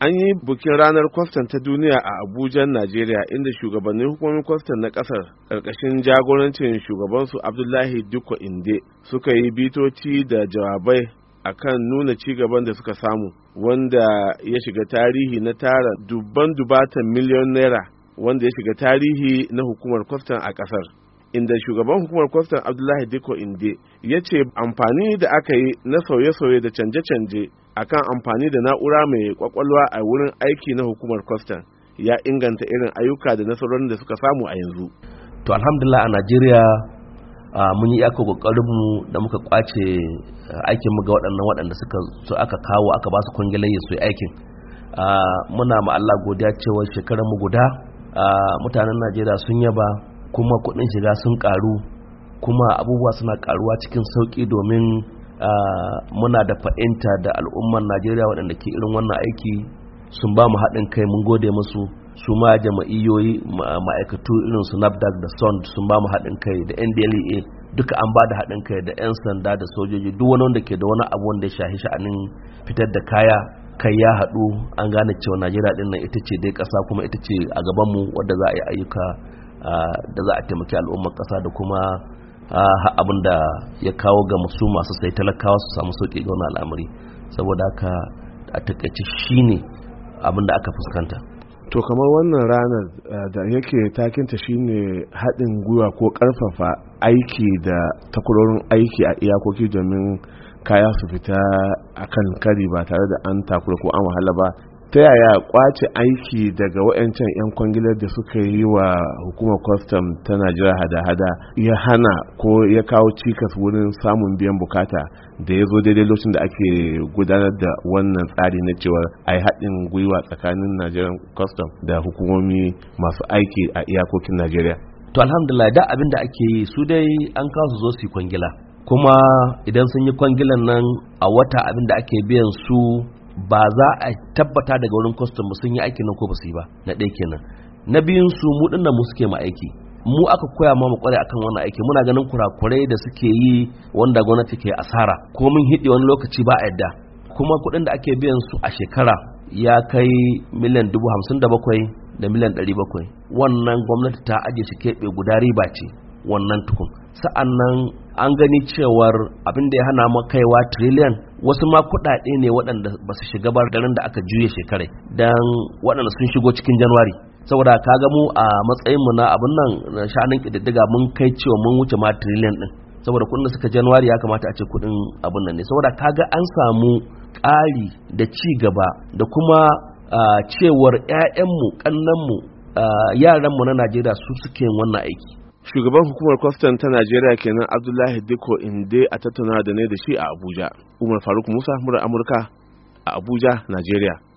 an yi bukin ranar kwastan ta duniya a abuja najeriya inda shugabannin hukumomin kwastan na kasar karkashin jagorancin shugabansu abdullahi dukko inde suka yi bitoci da jawabai a kan nuna cigaban da suka samu wanda ya shiga tarihi na tara dubban dubatan miliyon naira wanda ya shiga tarihi na hukumar kwastan a ƙasar, inda shugaban hukumar kwastan abdullahi diko inde ya ce amfani da aka yi na sauye-sauye da canje-canje akan amfani da na'ura mai kwakwalwa a wurin aiki na hukumar kwastan ya inganta irin ayyuka da nasarorin da suka samu a yanzu to alhamdulillah a najeriya mun yi iyakar kokarinmu da muka kwace aikin mu ga waɗannan waɗanda suka so aka kawo aka ba su kwangilaye su aikin muna ma Allah godiya cewa shekarar mu guda mutanen Najeriya sun yaba kuma kuɗin shiga sun karu kuma abubuwa suna karuwa cikin sauki domin Ah, muna da fa'inta da al'ummar najeriya waɗanda ke irin wannan aiki sun ba mu haɗin kai mun gode musu su ma jama'iyoyi ma'aikatu irin su da sond sun ba mu haɗin kai da ndlea duka an ba da haɗin kai da 'yan sanda da sojoji duk wani wanda ke da wani abu wanda ya shahi sha'anin fitar da kaya kai ya haɗu an gane cewa najeriya ɗin nan ita ce dai ƙasa kuma ita ce a gabanmu wadda za a yi ayyuka ah, da za a taimaki al'ummar ƙasa da kuma abin da ya kawo ga musu masu sai talakawa su samu sauƙi ga wani al'amari saboda haka a takaice shine abin da aka fuskanta to kamar wannan ranar da yake takinta shine haɗin gwiwa ko ƙarfafa aiki da takwarorin aiki a iyakoki domin kaya su fita a kan kari ba tare da an takura ko an wahala ba ta yaya kwace aiki daga wayancan 'yan kwangilar da suka yi wa hukumar kwastam ta najeriya hada-hada ya hana ko ya kawo cikas wurin samun biyan bukata da ya zo daidai lokacin da ake gudanar da wannan tsari na cewar a yi haɗin gwiwa tsakanin najeriya kwastam da hukumomi masu aiki a iyakokin najeriya to alhamdulillah da abin da ake yi su dai an kawo zo su yi kwangila kuma idan sun yi kwangilan nan a wata abin da ake biyan su ba za a tabbata daga wurin ba sun yi aikin nan ko ba su yi ba na ɗaya kenan na biyun su mu ɗin mu suke ma aiki mu aka koya ma mu kware akan wannan aiki muna ganin kurakurai da suke yi wanda gwamnati ke asara ko mun hidi wani lokaci ba a yadda kuma kuɗin da ake biyan su a shekara ya kai miliyan dubu hamsin da bakwai da miliyan ɗari bakwai wannan gwamnati ta ajiye su keɓe guda riba ce wannan tukun sa'an an gani cewar abin da ya hana makaiwa kaiwa triliyan wasu ma kuɗaɗe ne waɗanda ba su shiga bar garin da aka juya shekarai don waɗanda sun shigo cikin januwari saboda ka ga mu a matsayin mu na abin nan sha'anin ƙididdiga mun kai cewa mun wuce ma trillion ɗin saboda kuɗin da suka januari ya kamata a ce kuɗin abin nan ne saboda ka ga an samu ƙari da ci gaba da kuma cewar 'ya'yanmu ƙannanmu yaranmu na najeriya su suke wannan aiki shugaban hukumar kwastan ta najeriya kenan abdullahi diko inde a tattauna da ne da shi a abuja umar faruk musa mura amurka a abuja najeriya